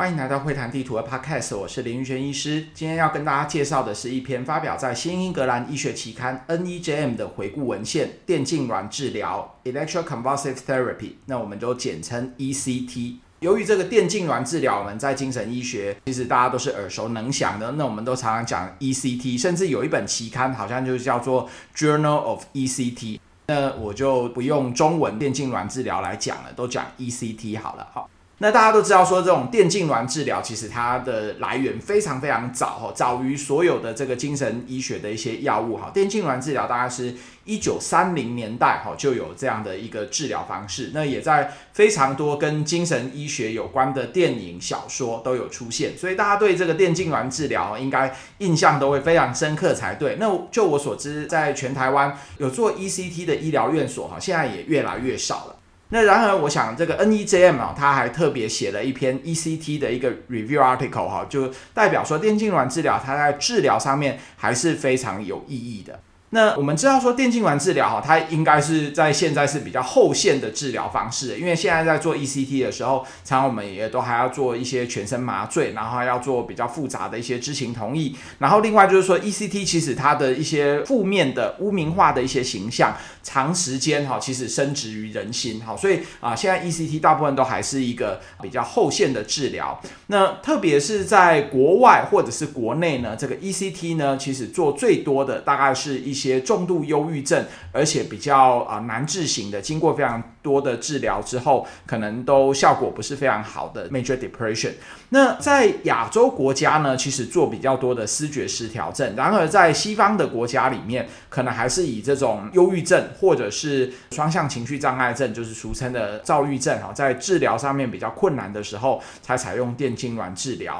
歡迎來到會談地圖的 podcast，我是林宇軒醫師。今天要跟大家介紹的是一篇發表在《新英格蘭醫學期刊》（NEJM） 的回顧文獻——電痙攣治療 （Electroconvulsive therapy），那我們就簡稱 ECT。由於這個電痙攣治療，我們在精神醫學其實大家都是耳熟能詳的，那我們都常常講 ECT，甚至有一本期刊好像就叫做《Journal of ECT》，那我就不用中文“電痙攣治療”來講了，都講 ECT 好了，好。那大家都知道，說這種電痙攣治療，其實它的來源非常非常早哈，早於所有的這個精神醫學的一些藥物哈。電痙攣治療大概是一九三零年代哈就有這樣的一個治療方式，那也在非常多跟精神醫學有關的電影、小說都有出現，所以大家對這個電痙攣治療應該印象都會非常深刻才對。那就我所知，在全台灣有做 ECT 的醫療院所哈，現在也越來越少了。那然而，我想這個 NEJM 啊、哦，他還特別寫了一篇 ECT 的一個 review article 哈、哦，就代表說，電痙攣治療它在治療上面還是非常有意義的。那我們知道說，電痙攣治療哈，它應該是在現在是比較後線的治療方式，因為現在在做 ECT 的時候，常常我們也都還要做一些全身麻醉，然後還要做比較複雜的一些知情同意，然後另外就是說 ECT 其實它的一些負面的污名化的一些形象，長時間哈其實深植於人心哈，所以啊現在 ECT 大部分都還是一個比較後線的治療，那特別是在國外或者是國內呢，這個 ECT 呢其實做最多的大概是一。一些重度憂鬱症，而且比較啊、呃、難治型的，經過非常多的治療之後，可能都效果不是非常好的 major depression。那在亞洲國家呢，其實做比較多的思覺失調症，然而在西方的國家裡面，可能還是以這種憂鬱症或者是雙向情緒障礙症，就是俗稱的躁鬱症啊、哦，在治療上面比較困難的時候，才採用電痙攣治療。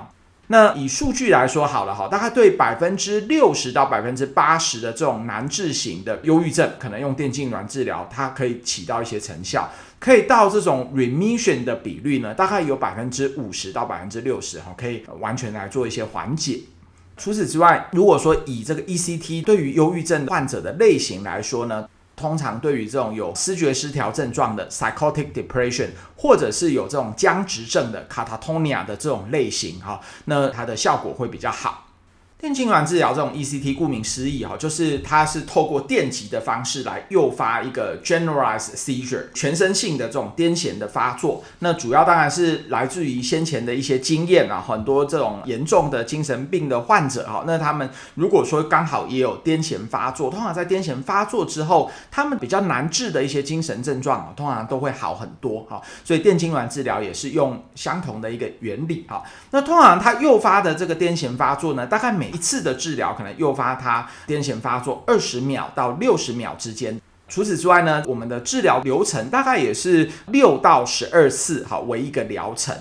那以數據來說好了哈，大概對百分之六十到百分之八十的這種難治型的憂鬱症，可能用電痙攣治療，它可以起到一些成效，可以到這種 remission 的比率呢，大概有百分之五十到百分之六十哈，可以完全來做一些緩解。除此之外，如果說以這個 ECT 對於憂鬱症患者的類型來說呢，通常對於這種有思覺失調症狀的 psychotic depression，或者是有這種僵直症的 catatonia 的這種類型，哈，那它的效果會比較好。電痙攣治療這種 ECT，顧名思義哈，就是它是透過電極的方式來誘發一個 generalized seizure 全身性的這種癲癇的發作。那主要當然是來自於先前的一些經驗啊，很多這種嚴重的精神病的患者哈，啊，那他們如果說剛好也有癲癇發作，通常在癲癇發作之後，他們比較難治的一些精神症狀，啊，通常都會好很多哈，啊。所以電痙攣治療也是用相同的一個原理哈，啊。那通常它誘發的這個癲癇發作呢，大概每一次的治療可能誘發他癲癇發作二十秒到六十秒之間。除此之外呢，我們的治療流程大概也是六到十二次，好為一個療程。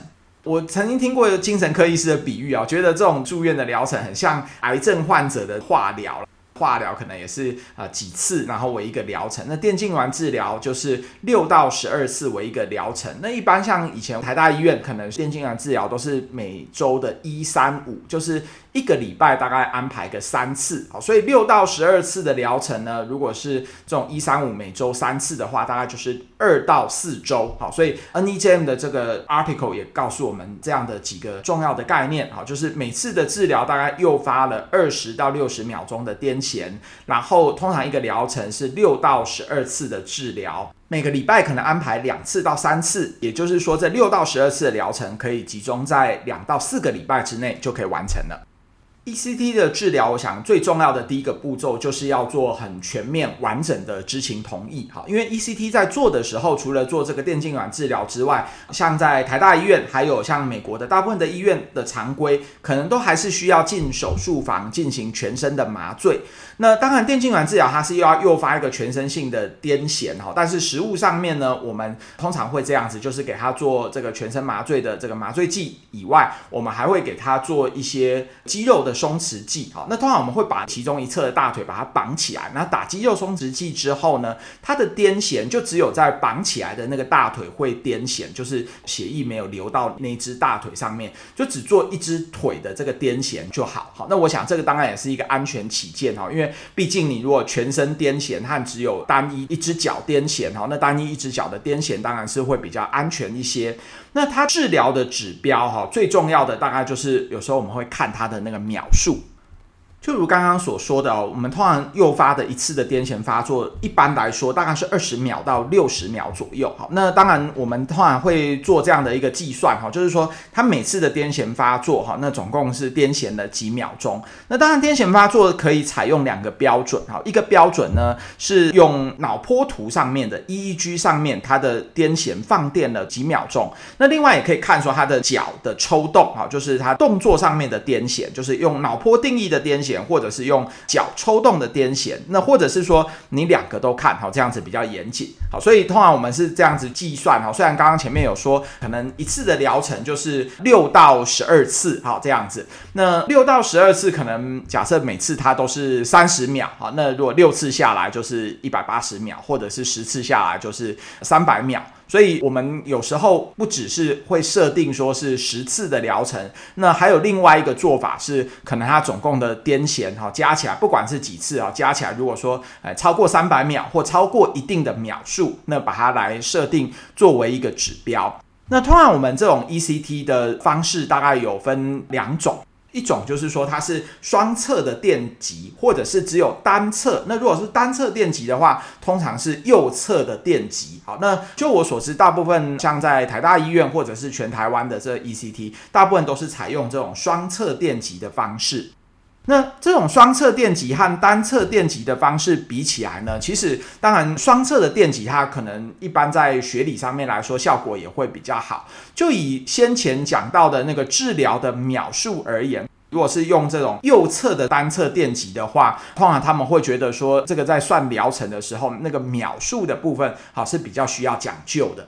我曾經聽過一個精神科醫師的比喻啊，覺得這種住院的療程很像癌症患者的化療，化療可能也是啊、呃、幾次，然後為一個療程。那電痙攣治療就是六到十二次為一個療程。那一般像以前台大醫院可能電痙攣治療都是每周的一三五，就是。一個禮拜大概安排個三次，好，所以六到十二次的療程呢，如果是這種一三五每周三次的話，大概就是二到四周，好，所以 NEJM 的這個 article 也告訴我們這樣的幾個重要的概念，好，就是每次的治療大概誘發了二十到六十秒鐘的癲癇，然後通常一個療程是六到十二次的治療，每個禮拜可能安排兩次到三次，也就是說，這六到十二次的療程可以集中在兩到四個禮拜之內就可以完成了。ECT 的治療，我想最重要的第一個步驟就是要做很全面完整的知情同意哈，因為 ECT 在做的時候，除了做這個電痙攣治療之外，像在台大醫院，還有像美國的大部分的醫院的常規，可能都還是需要進手術房進行全身的麻醉。那當然，電痙攣治療它是要誘發一個全身性的癲癇哈，但是食物上面呢，我們通常會這樣子，就是給他做這個全身麻醉的這個麻醉劑以外，我們還會給他做一些肌肉的鬆弛劑哈。那通常我們會把其中一側的大腿把它綁起來，那打肌肉鬆弛劑之後呢，它的癲癇就只有在綁起來的那個大腿會癲癇，就是血液沒有流到那隻大腿上面，就只做一隻腿的這個癲癇就好。好，那我想這個當然也是一個安全起見哈，因為。畢竟，你如果全身癲癇和只有單一一只腳癲癇哈，那單一一只腳的癲癇當然是會比較安全一些。那它治療的指標哈，最重要的大概就是有時候我們會看它的那個秒數。就如剛剛所說的哦，我們通常誘發的一次的癲癇發作，一般來說大概是二十秒到六十秒左右。好，那當然我們通常會做這樣的一個計算哈，就是說它每次的癲癇發作哈，那總共是癲癇了幾秒鐘。那當然癲癇發作可以採用兩個標準哈，一個標準呢是用腦波圖上面的 EEG 上面它的癲癇放電了幾秒鐘，那另外也可以看出它的腳的抽動啊，就是它動作上面的癲癇，就是用腦波定義的癲癇，或者是用腳抽動的癲癇，那或者是說你兩個都看好，這樣子比較嚴謹好。所以通常我們是這樣子計算好，雖然剛剛前面有說可能一次的療程就是六到十二次好，這樣子。那六到十二次可能假設每次它都是三十秒好，那如果六次下來就是一百八十秒，或者是十次下來就是三百秒。所以我們有時候不只是會設定說是十次的療程，那還有另外一個做法是，可能它總共的癲癇哈加起來，不管是幾次啊加起來，如果說呃超過三百秒或超過一定的秒數，那把它來設定作為一個指標。那通常我們這種 ECT 的方式大概有分兩種。一種就是說它是雙側的電極，或者是只有單側。那如果是單側電極的話，通常是右側的電極。好，那就我所知，大部分像在台大醫院或者是全台灣的這 ECT，大部分都是採用這種雙側電極的方式。那這種雙側電極和單側電極的方式比起來呢，其實當然雙側的電極它可能一般在學理上面來說效果也會比較好。就以先前講到的那個治療的秒數而言，如果是用這種右側的單側電極的話，通常他們會覺得說這個在算療程的時候，那個秒數的部分好是比較需要講究的。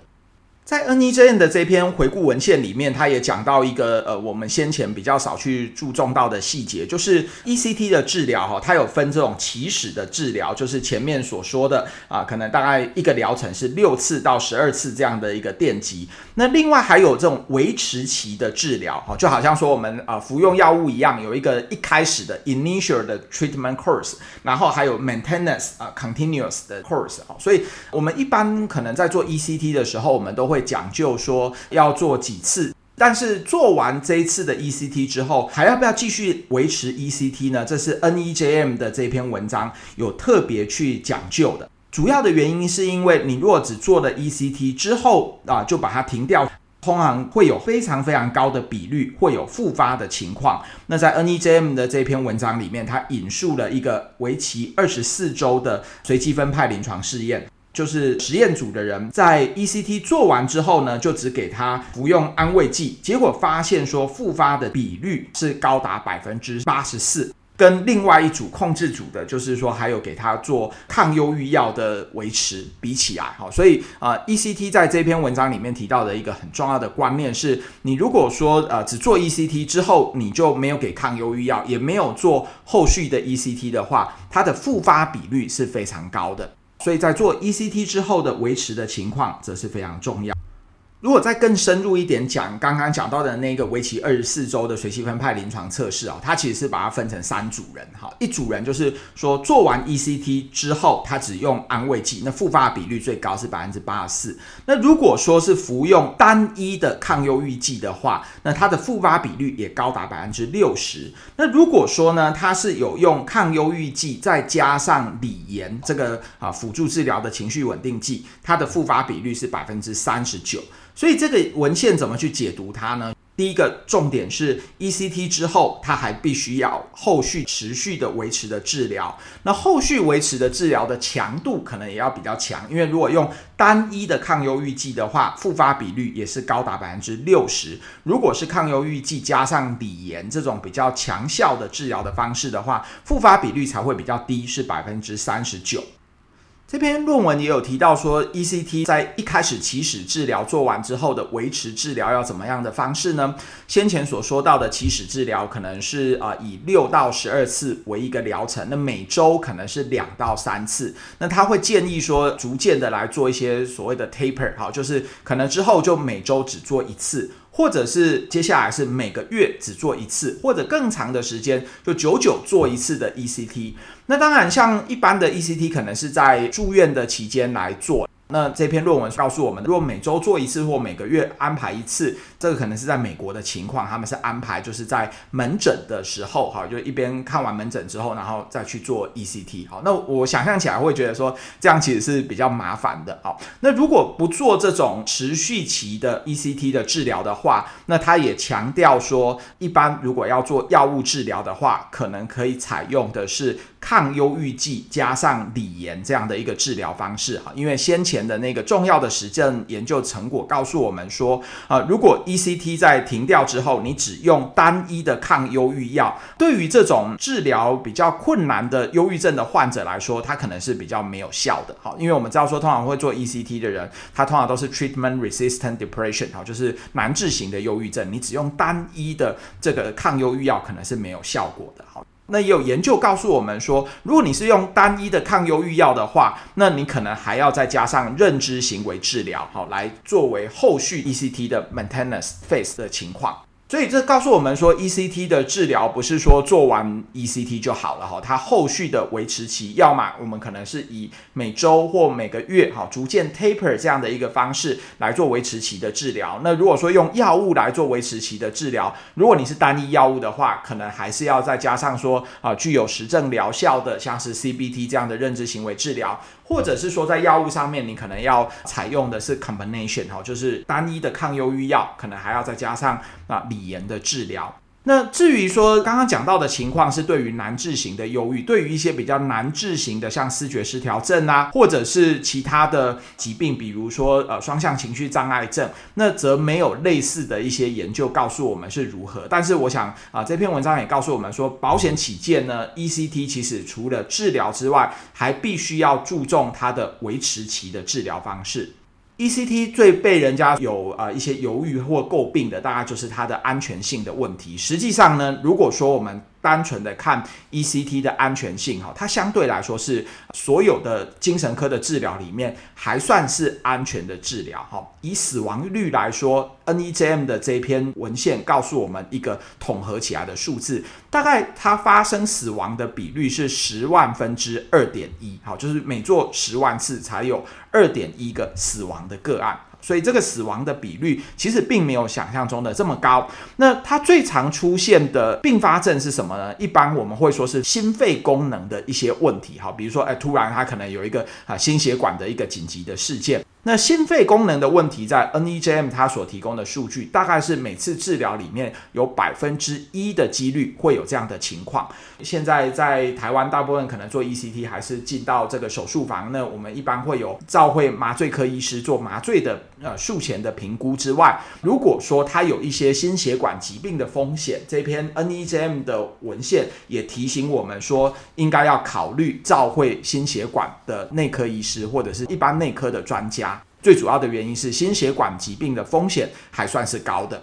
在 NEJM 的這篇回顧文獻裡面，他也講到一個呃，我們先前比較少去注重到的細節，就是 ECT 的治療哈，它有分這種起始的治療，就是前面所說的啊、呃，可能大概一個療程是六次到十二次這樣的一個電擊。那另外還有這種維持期的治療哈、哦，就好像說我們啊、呃、服用藥物一樣，有一個一開始的 initial 的 treatment course，然後還有 maintenance ain 啊、呃、continuous 的 course 啊、哦，所以我們一般可能在做 ECT 的時候，我們都會。講究說要做幾次，但是做完這一次的 ECT 之後，還要不要繼續維持 ECT 呢？這是 NEJM 的這篇文章有特別去講究的。主要的原因是因為你若只做了 ECT 之後啊，就把它停掉，通常會有非常非常高的比率會有復發的情況。那在 NEJM 的這篇文章裡面，它引述了一個為期二十四周的隨機分派臨床試驗。就是實驗組的人在 ECT 做完之後呢，就只給他服用安慰劑，結果發現說復發的比率是高達百分之八十四，跟另外一組控制組的，就是說還有給他做抗憂鬱藥的維持比起來，哈，所以啊，呃，ECT 在這篇文章裡面提到的一個很重要的觀念是，你如果說呃只做 ECT 之後，你就沒有給抗憂鬱藥，也沒有做後續的 ECT 的話，它的復發比率是非常高的。所以在做 ECT 之後的維持的情況，則是非常重要。如果再更深入一點講，剛剛講到的那個為期二十四週的隨機分派臨床測試啊，它其實是把它分成三組人哈，一組人就是說做完 ECT 之後，它只用安慰劑，那復發比率最高是百分之八十四。那如果說是服用單一的抗憂鬱劑的話，那它的復發比率也高達百分之六十。那如果說呢，它是有用抗憂鬱劑再加上鋰鹽這個啊輔助治療的情緒穩定劑，它的復發比率是百分之三十九。所以這個文獻怎麼去解讀它呢？第一個重點是 ECT 之後，它還必須要後續持續的維持的治療。那後續維持的治療的強度可能也要比較強，因為如果用單一的抗憂鬱劑的話，復發比率也是高達百分之六十。如果是抗憂鬱劑加上鋰鹽這種比較強效的治療的方式的話，復發比率才會比較低，是百分之三十九。這篇論文也有提到說，ECT 在一開始起始治療做完之後的維持治療要怎麼樣的方式呢？先前所說到的起始治療可能是啊以六到十二次為一個療程，那每周可能是兩到三次。那他會建議說，逐漸的來做一些所謂的 taper，好，就是可能之後就每周只做一次。或者是接下來是每個月只做一次，或者更長的時間，就久久做一次的 ECT。那當然，像一般的 ECT 可能是在住院的期間來做。那這篇論文告訴我們，如果每周做一次或每個月安排一次。這個可能是在美國的情況，他們是安排就是在門診的時候，哈，就一邊看完門診之後，然後再去做 ECT，好，那我想象起來會覺得說，這樣其實是比較麻煩的，好，那如果不做這種持續期的 ECT 的治療的話，那他也強調說，一般如果要做藥物治療的話，可能可以採用的是抗憂鬱劑加上鋰鹽這樣的一個治療方式，哈，因為先前的那個重要的實證研究成果告訴我們說，啊、呃，如果 ECT 在停掉之後，你只用單一的抗憂鬱藥，對於這種治療比較困難的憂鬱症的患者來說，它可能是比較沒有效的。好，因為我們知道說，通常會做 ECT 的人，他通常都是 treatment resistant depression，好，就是難治型的憂鬱症。你只用單一的這個抗憂鬱藥，可能是沒有效果的。好。那也有研究告訴我們說，如果你是用單一的抗憂鬱藥的話，那你可能還要再加上認知行為治療，好，來作為後續 ECT 的 maintenance phase 的情況。所以這告訴我們說，ECT 的治療不是說做完 ECT 就好了哈，它後續的維持期，要麼我們可能是以每周或每個月哈，逐漸 taper 這樣的一個方式來做維持期的治療。那如果說用藥物來做維持期的治療，如果你是單一藥物的話，可能還是要再加上說啊，具有實證療效的，像是 CBT 這樣的認知行為治療。或者是說，在藥物上面，你可能要採用的是 combination 哈，就是單一的抗憂鬱藥，可能還要再加上啊，鋰鹽的治療。那至於說剛剛講到的情況是對於難治型的憂鬱，對於一些比較難治型的，像思覺失調症啊，或者是其他的疾病，比如說呃雙向情緒障礙症，那則沒有類似的一些研究告訴我們是如何。但是我想啊、呃，這篇文章也告訴我們說，保險起見呢，ECT 其實除了治療之外，還必須要注重它的維持期的治療方式。ECT 最被人家有啊、呃、一些猶豫或詬病的，大概就是它的安全性的問題。實際上呢，如果說我們。單純的看 ECT 的安全性，哈，它相對來說是所有的精神科的治療裡面還算是安全的治療，哈。以死亡率來說，NEJM 的這一篇文獻告訴我們一個統合起來的數字，大概它發生死亡的比率是十萬分之二點一，哈，就是每做十萬次才有二點一個死亡的個案。所以這個死亡的比率，其實並沒有想象中的這麼高。那它最常出現的併發症是什麼呢？一般我們會說是心肺功能的一些問題，哈，比如說哎，突然他可能有一個啊心血管的一個緊急的事件。那心肺功能的問題，在 NEJM 它所提供的數據，大概是每次治療裡面有百分之一的幾率會有這樣的情況。現在在台灣，大部分可能做 ECT 還是進到這個手術房。那我們一般會有照會麻醉科醫師做麻醉的呃術前的評估之外，如果說他有一些心血管疾病的風險，這篇 NEJM 的文獻也提醒我們說，應該要考慮照會心血管的內科醫師或者是一般內科的專家。最主要的原因是心血管疾病的風險還算是高的。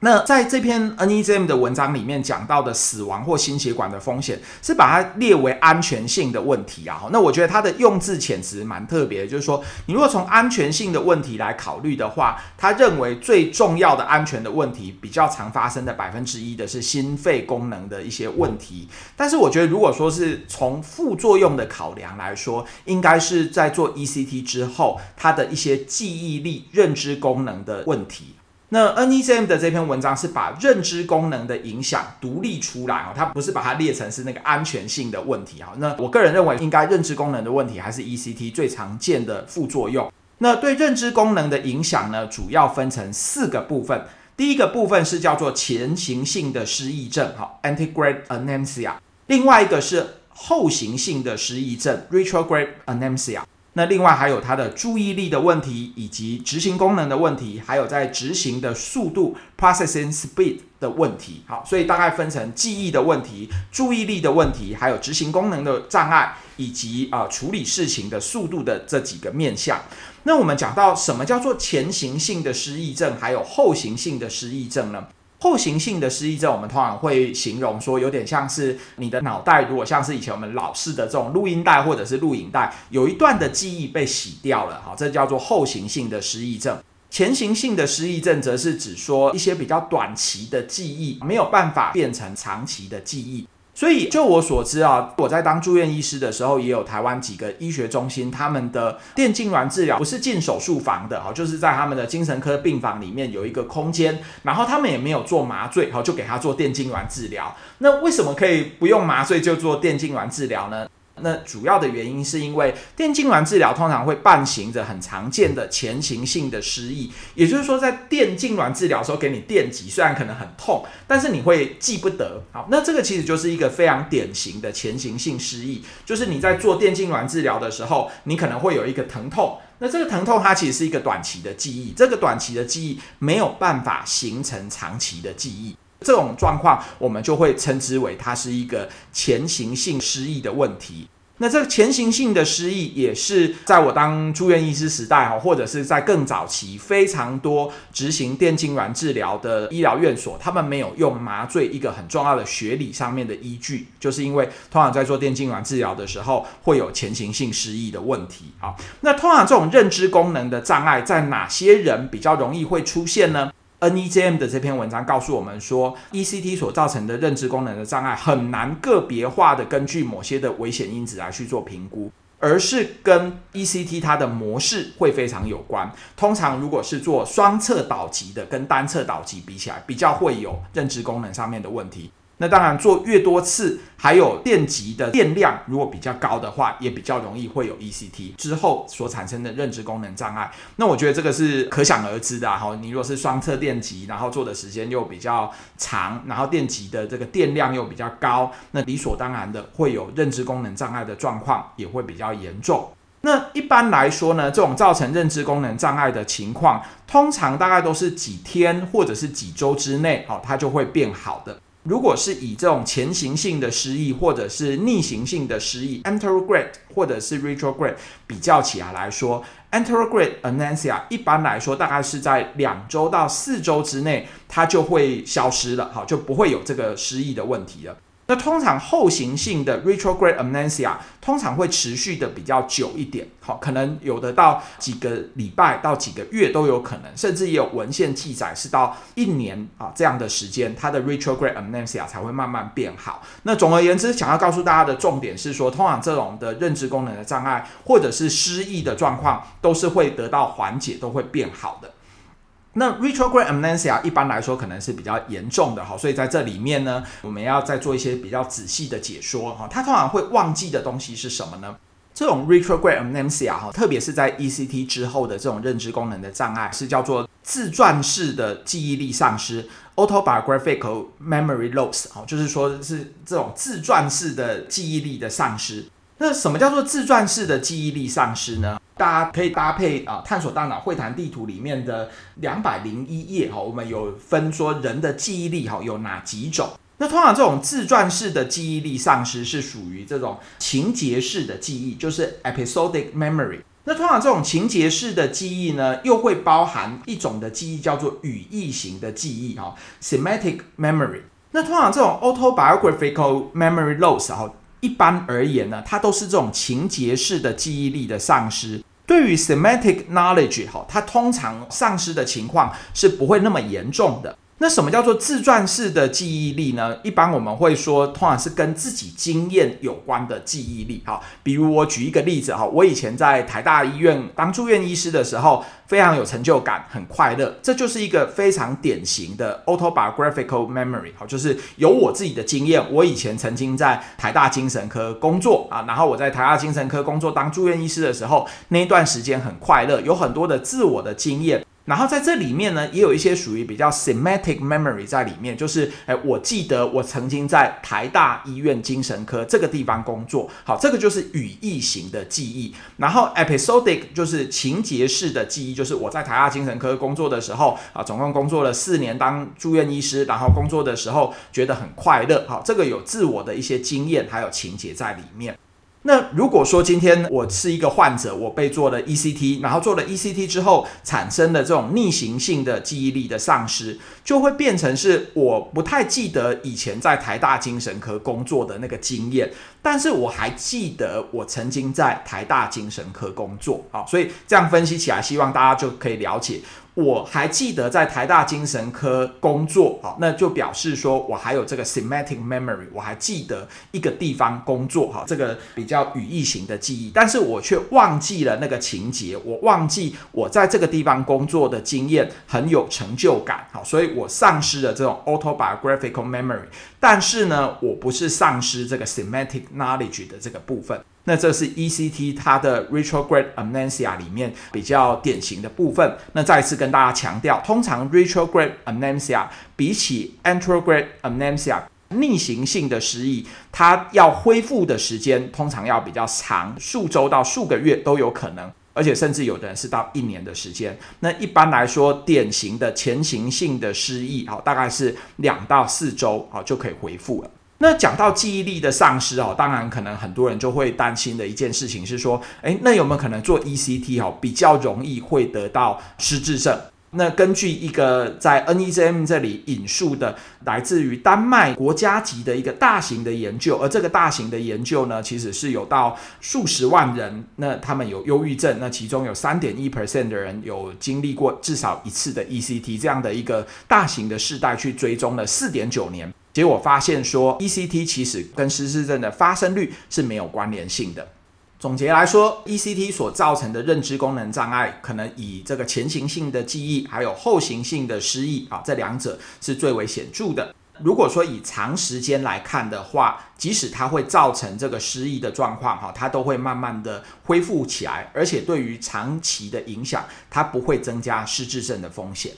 那在這篇 NEJM 的文章裡面講到的死亡或心血管的風險，是把它列為安全性的問題啊。那我覺得它的用字遣詞蠻特別的，就是說，你如果從安全性的問題來考慮的話，他認為最重要的安全的問題比較常發生的百分之一的是心肺功能的一些問題。但是我覺得，如果說是從副作用的考量來說，應該是在做 ECT 之後，它的一些記憶力、認知功能的問題。那 NEJM 的這篇文章是把認知功能的影響獨立出來啊、哦，它不是把它列成是那個安全性的問題啊、哦。那我個人認為，應該認知功能的問題還是 ECT 最常見的副作用。那對認知功能的影響呢，主要分成四個部分。第一個部分是叫做前行性的失憶症，哈、哦、anterograde amnesia；另外一個是後行性的失憶症，retrograde amnesia。那另外還有它的注意力的問題，以及執行功能的問題，還有在執行的速度 （processing speed） 的問題。好，所以大概分成記憶的問題、注意力的問題，還有執行功能的障礙，以及啊處理事情的速度的這幾個面向。那我們講到什麼叫做前行性的失憶症，還有後行性的失憶症呢？後行性的失憶症，我們通常會形容說，有點像是你的腦袋，如果像是以前我們老式的這種錄音帶或者是錄影帶，有一段的記憶被洗掉了，好、哦，這叫做後行性的失憶症。前行性的失憶症，則是指說一些比較短期的記憶，沒有辦法變成長期的記憶。所以，就我所知啊，我在當住院醫師的時候，也有台灣幾個醫學中心，他們的電痙攣治療不是進手術房的，好，就是在他們的精神科病房裡面有一個空間，然後他們也沒有做麻醉，好，就給他做電痙攣治療。那為什麼可以不用麻醉就做電痙攣治療呢？那主要的原因是因為電痙攣治療通常會伴行着很常見的前行性的失憶，也就是說，在電痙攣治療的時候給你電擊，雖然可能很痛，但是你會記不得。好，那這個其實就是一個非常典型的前行性失憶，就是你在做電痙攣治療的時候，你可能會有一個疼痛，那這個疼痛它其實是一個短期的記憶，這個短期的記憶沒有辦法形成長期的記憶。這種狀況，我們就會稱之為它是一個前行性失憶的問題。那這個前行性的失憶，也是在我當住院醫師時代哈，或者是在更早期，非常多執行電痙攣治療的醫療院所，他們沒有用麻醉一個很重要的學理上面的依據，就是因為通常在做電痙攣治療的時候，會有前行性失憶的問題啊。那通常這種認知功能的障礙，在哪些人比較容易會出現呢？NEJM 的這篇文章告訴我們說，ECT 所造成的認知功能的障礙很難個別化的根據某些的危險因子來去做評估，而是跟 ECT 它的模式會非常有關。通常如果是做雙側電極的，跟單側電極比起來，比較會有認知功能上面的問題。那當然，做越多次，還有電極的電量如果比較高的話，也比較容易會有 ECT 之後所產生的認知功能障礙。那我覺得這個是可想而知的哈、啊。你若是雙側電極，然後做的時間又比較長，然後電極的這個電量又比較高，那理所當然的會有認知功能障礙的狀況也會比較嚴重。那一般來說呢，這種造成認知功能障礙的情況，通常大概都是幾天或者是幾週之內，哦，它就會變好的。如果是以這種前行性的失憶，或者是逆行性的失憶 （anterograde） 或者是 retrograde 比較起來來說，anterograde amnesia 一般來說大概是在兩周到四周之內，它就會消失了，好就不會有這個失憶的問題了。那通常後行性的 retrograde amnesia 通常會持續的比較久一點，好、哦，可能有的到幾個禮拜到幾個月都有可能，甚至也有文獻記載是到一年啊、哦、這樣的時間，它的 retrograde amnesia 才會慢慢變好。那總而言之，想要告訴大家的重點是說，通常這種的認知功能的障礙或者是失憶的狀況，都是會得到緩解，都會變好的。那 retrograde amnesia 一般來說可能是比較嚴重的哈，所以在這裡面呢，我們要再做一些比較仔細的解說哈。他通常會忘記的東西是什麼呢？這種 retrograde amnesia 哈，特別是在 ECT 之後的這種認知功能的障礙，是叫做自傳式的記憶力喪失 （autobiographical memory loss） 哈，就是說是這種自傳式的記憶力的喪失。那什麼叫做自傳式的記憶力喪失呢？大家可以搭配啊，探索大腦會談地圖裡面的兩百零一頁哈、哦，我們有分說人的記憶力哈、哦、有哪幾種。那通常這種自傳式的記憶力喪失是屬於這種情節式的記憶，就是 episodic memory。那通常這種情節式的記憶呢，又會包含一種的記憶叫做語義型的記憶哈、哦、，semantic memory。那通常這種 autobiographical memory loss、哦一般而言呢，它都是這種情節式的記憶力的喪失。對於 semantic knowledge 哈，它通常喪失的情況是不會那麼嚴重的。那什麼叫做自傳式的記憶力呢？一般我們會說，通常是跟自己經驗有關的記憶力。哈，比如我舉一個例子哈，我以前在台大醫院當住院醫師的時候，非常有成就感，很快樂。這就是一個非常典型的 autobiographical memory。就是有我自己的經驗。我以前曾經在台大精神科工作啊，然後我在台大精神科工作當住院醫師的時候，那一段時間很快樂，有很多的自我的經驗。然後在這裡面呢，也有一些屬於比較 semantic memory 在裡面，就是，誒、欸、我記得我曾經在台大醫院精神科這個地方工作，好，這個就是語意型的記憶。然後 episodic 就是情節式的記憶，就是我在台大精神科工作的時候，啊，總共工作了四年，當住院醫師，然後工作的時候覺得很快樂，好，這個有自我的一些經驗，還有情節在裡面。那如果說今天我是一個患者，我被做了 ECT，然後做了 ECT 之後產生了這種逆行性的記憶力的喪失，就會變成是我不太記得以前在台大精神科工作的那個經驗，但是我還記得我曾經在台大精神科工作啊，所以這樣分析起來，希望大家就可以了解。我還記得在台大精神科工作，好，那就表示說我還有這個 semantic memory，我還記得一個地方工作，哈，這個比較語義型的記憶，但是我卻忘記了那個情節，我忘記我在這個地方工作的經驗很有成就感，好，所以我喪失了這種 autobiographical memory，但是呢，我不是喪失這個 semantic knowledge 的這個部分。那這是 ECT 它的 retrograde amnesia 裡面比較典型的部分。那再次跟大家強調，通常 retrograde amnesia 比起 anterograde amnesia 逆行性的失憶，它要恢復的時間通常要比較長，數周到數個月都有可能，而且甚至有的人是到一年的時間。那一般來說，典型的前行性的失憶啊、哦，大概是兩到四周啊、哦、就可以恢復了。那講到記憶力的喪失哦，當然可能很多人就會擔心的一件事情是說，哎，那有沒有可能做 ECT 哦比較容易會得到失智症？那根據一個在 NEJM 這裡引述的，來自於丹麥國家級的一個大型的研究，而這個大型的研究呢，其實是有到數十萬人，那他們有憂鬱症，那其中有三點一 percent 的人有經歷過至少一次的 ECT 這樣的一個大型的世代去追蹤了四點九年。結果發現說，ECT 其實跟失智症的發生率是沒有關聯性的。總結來說，ECT 所造成的認知功能障礙，可能以這個前行性的記憶，還有後行性的失憶啊，這兩者是最為顯著的。如果說以長時間來看的話，即使它會造成這個失憶的狀況，哈、啊，它都會慢慢的恢復起來，而且對於長期的影響，它不會增加失智症的風險。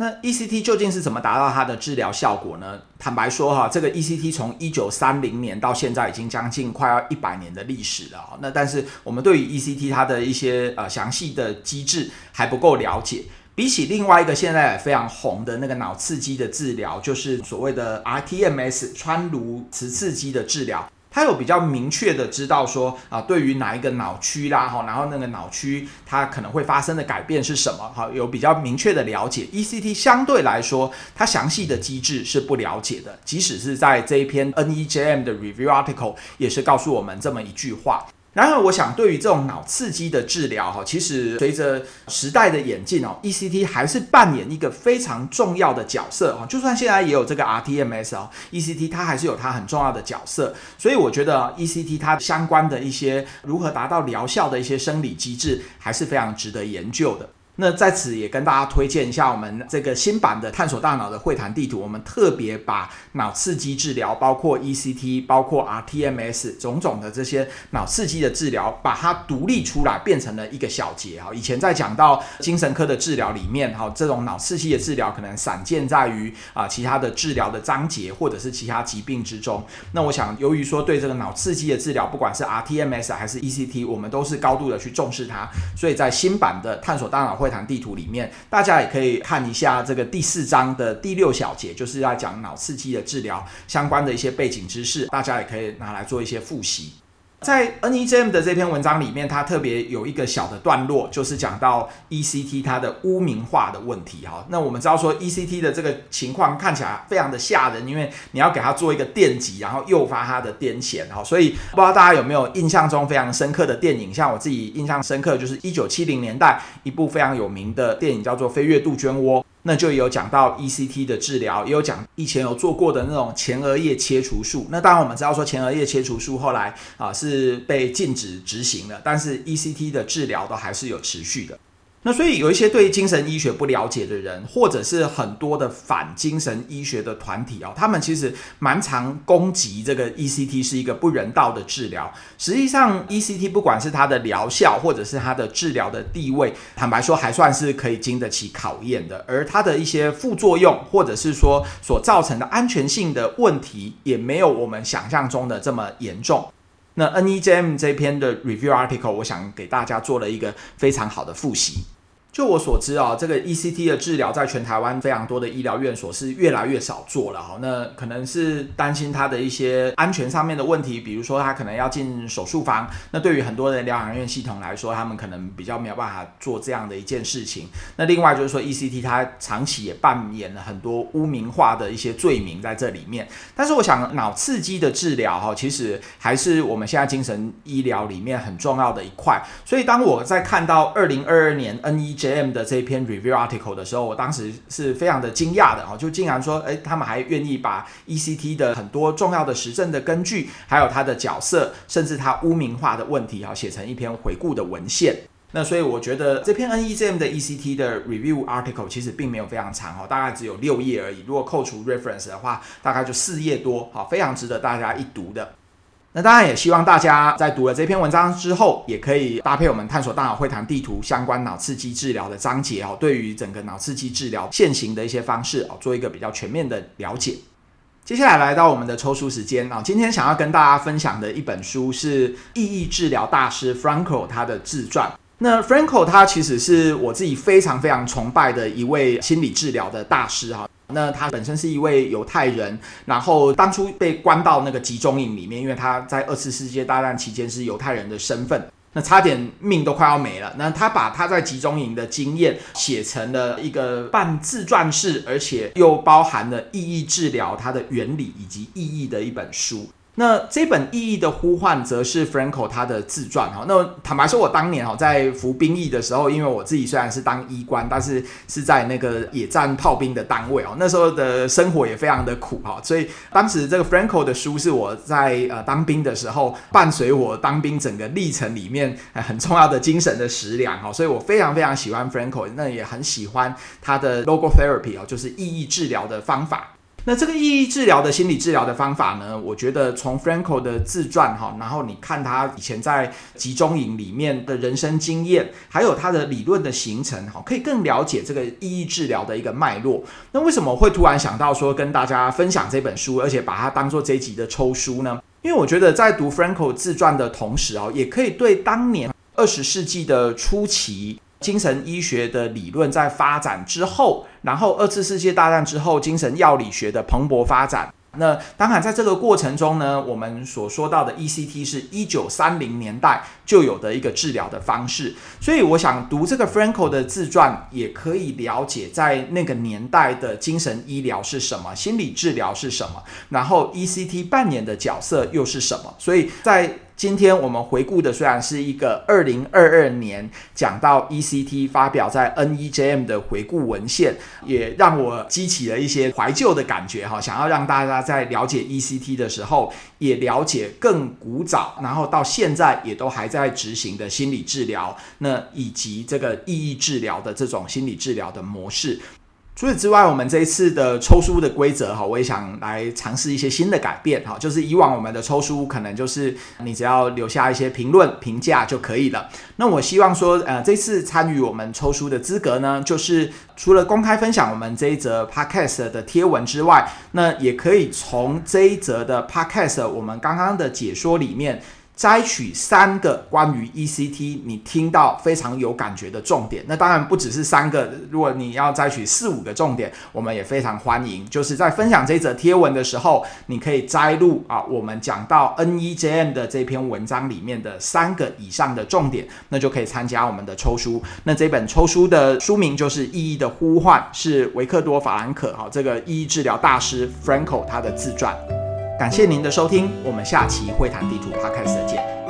那 ECT 究竟是怎麼達到它的治療效果呢？坦白說哈、啊，這個 ECT 從一九三零年到現在已經將近快要一百年的歷史了啊、哦。那但是我們對於 ECT 它的一些呃詳細的機制還不夠了解。比起另外一個現在非常紅的那個腦刺激的治療，就是所謂的 rTMS 穿顱磁刺激的治療。他有比較明確的知道說啊，對於哪一個腦區啦，哈，然後那個腦區它可能會發生的改變是什麼，哈，有比較明確的了解。ECT 相對來說，它詳細的機制是不了解的，即使是在這一篇 NEJM 的 review article 也是告訴我們這麼一句話。然而，我想對於這種腦刺激的治療哈，其實隨着時代的演進哦，ECT 還是扮演一個非常重要的角色哈。就算現在也有這個 RTMS 哦，ECT 它還是有它很重要的角色。所以，我覺得 ECT 它相關的一些如何達到療效的一些生理機制，還是非常值得研究的。那在此也跟大家推薦一下我們這個新版的探索大腦的會談地圖。我們特別把腦刺激治療，包括 ECT，包括 RTMS 種種的這些腦刺激的治療，把它獨立出來，變成了一個小節哈，以前在講到精神科的治療裡面，哈，這種腦刺激的治療可能散見在於啊其他的治療的章節，或者是其他疾病之中。那我想，由於說對這個腦刺激的治療，不管是 RTMS 還是 ECT，我們都是高度的去重視它，所以在新版的探索大腦會談地圖裡面，大家也可以看一下這個第四章的第六小節，就是要講腦刺激的治療相關的一些背景知識，大家也可以拿來做一些複習。在 NEJM 的這篇文章裡面，它特別有一個小的段落，就是講到 ECT 它的污名化的問題哈。那我們知道說 ECT 的這個情況看起來非常的嚇人，因為你要給它做一個電擊，然後誘發它的癲癇哈。所以不知道大家有沒有印象中非常深刻的電影，像我自己印象深刻的就是一九七零年代一部非常有名的電影叫做《飛越杜鵑窩》。那就有講到 ECT 的治療，也有講以前有做過的那種前額葉切除術。那當然我們知道說前額葉切除術後來啊是被禁止執行了，但是 ECT 的治療都還是有持續的。那所以有一些對精神醫學不了解的人，或者是很多的反精神醫學的團體啊、哦，他們其實蠻常攻擊這個 ECT 是一個不人道的治療。實際上，ECT 不管是它的療效，或者是它的治療的地位，坦白說還算是可以經得起考驗的。而它的一些副作用，或者是說所造成的安全性的問題，也沒有我們想象中的這麼嚴重。那 NEJM 這篇的 review article，我想給大家做了一個非常好的複習。就我所知啊、哦，這個 ECT 的治療在全台灣非常多的醫療院所是越來越少做了哈、哦。那可能是擔心它的一些安全上面的問題，比如說他可能要進手術房，那對於很多的療養院系統來說，他們可能比較沒有辦法做這樣的一件事情。那另外就是說 ECT 它長期也扮演了很多污名化的一些罪名在這裡面。但是我想腦刺激的治療哈、哦，其實還是我們現在精神醫療裡面很重要的一塊。所以當我在看到二零二二年 NE J.M. 的這一篇 review article 的時候，我當時是非常的驚訝的哈，就竟然說，哎、欸，他們還願意把 ECT 的很多重要的實證的根據，還有它的角色，甚至它污名化的問題哈，寫成一篇回顧的文獻。那所以我覺得這篇 NEJM 的 ECT 的 review article 其實並沒有非常長哦，大概只有六頁而已，如果扣除 reference 的話，大概就四頁多，好，非常值得大家一讀的。那當然也希望大家在讀了這篇文章之後，也可以搭配我們《探索大腦會談地圖》相關腦刺激治療的章節哦，對於整個腦刺激治療現行的一些方式哦，做一個比較全面的了解。接下來來到我們的抽書時間啊、哦，今天想要跟大家分享的一本書是意義治療大師 Frankl 他的自傳。那 Frankl 他其實是我自己非常非常崇拜的一位心理治療的大師哈、哦。那他本身是一位猶太人，然後當初被關到那個集中營裡面，因為他在二次世界大戰期間是猶太人的身份，那差點命都快要沒了。那他把他在集中營的經驗寫成了一個半自傳式，而且又包含了意義治療它的原理以及意義的一本書。那這本《意義的呼喚》則是 Frankl 他的自傳哈。那坦白說，我當年哈在服兵役的時候，因為我自己雖然是當醫官，但是是在那個野戰炮兵的單位哦。那時候的生活也非常的苦哈，所以當時這個 Frankl 的書是我在呃當兵的時候伴隨我當兵整個歷程裡面很重要的精神的食糧哈。所以我非常非常喜歡 Frankl，那也很喜歡他的 logotherapy 哦，就是意義治療的方法。那這個意義治療的心理治療的方法呢，我覺得從 Frankl 的自傳哈，然後你看他以前在集中營裡面的人生經驗，還有他的理論的形成哈，可以更了解這個意義治療的一個脈絡。那為什麼會突然想到說跟大家分享這本書，而且把它當做這一集的抽書呢？因為我覺得在讀 Frankl 自傳的同時啊，也可以對當年二十世紀的初期。精神醫學的理論在發展之後，然後二次世界大戰之後，精神藥理學的蓬勃發展。那當然，在這個過程中呢，我們所說到的 ECT 是1930年代就有的一個治療的方式。所以，我想讀這個 Frankl 的自傳，也可以了解在那個年代的精神醫療是什麼，心理治療是什麼，然後 ECT 扮演的角色又是什麼。所以在今天我們回顧的雖然是一個二零二二年講到 ECT 發表在 NEJM 的回顧文獻，也讓我激起了一些懷舊的感覺哈。想要讓大家在了解 ECT 的時候，也了解更古早，然後到現在也都還在執行的心理治療，那以及這個意義治療的這種心理治療的模式。除此之外，我們這一次的抽書的規則哈，我也想來嘗試一些新的改變哈。就是以往我們的抽書可能就是你只要留下一些評論、評價就可以了。那我希望說，呃，這次參與我們抽書的資格呢，就是除了公開分享我們這一則 Podcast 的貼文之外，那也可以從這一則的 Podcast 我們剛剛的解說裡面。摘取三個關於 ECT，你聽到非常有感覺的重點，那當然不只是三個，如果你要摘取四五個重點，我們也非常歡迎。就是在分享這則貼文的時候，你可以摘錄啊，我們講到 NEJM 的這篇文章裡面的三個以上的重點，那就可以參加我們的抽書。那這本抽書的書名就是《意義的呼喚》，是維克多·法蘭可，哈，這個意義治療大師 Franco 他的自傳。感謝您的收聽，我們下期會談地圖 Podcast 再見。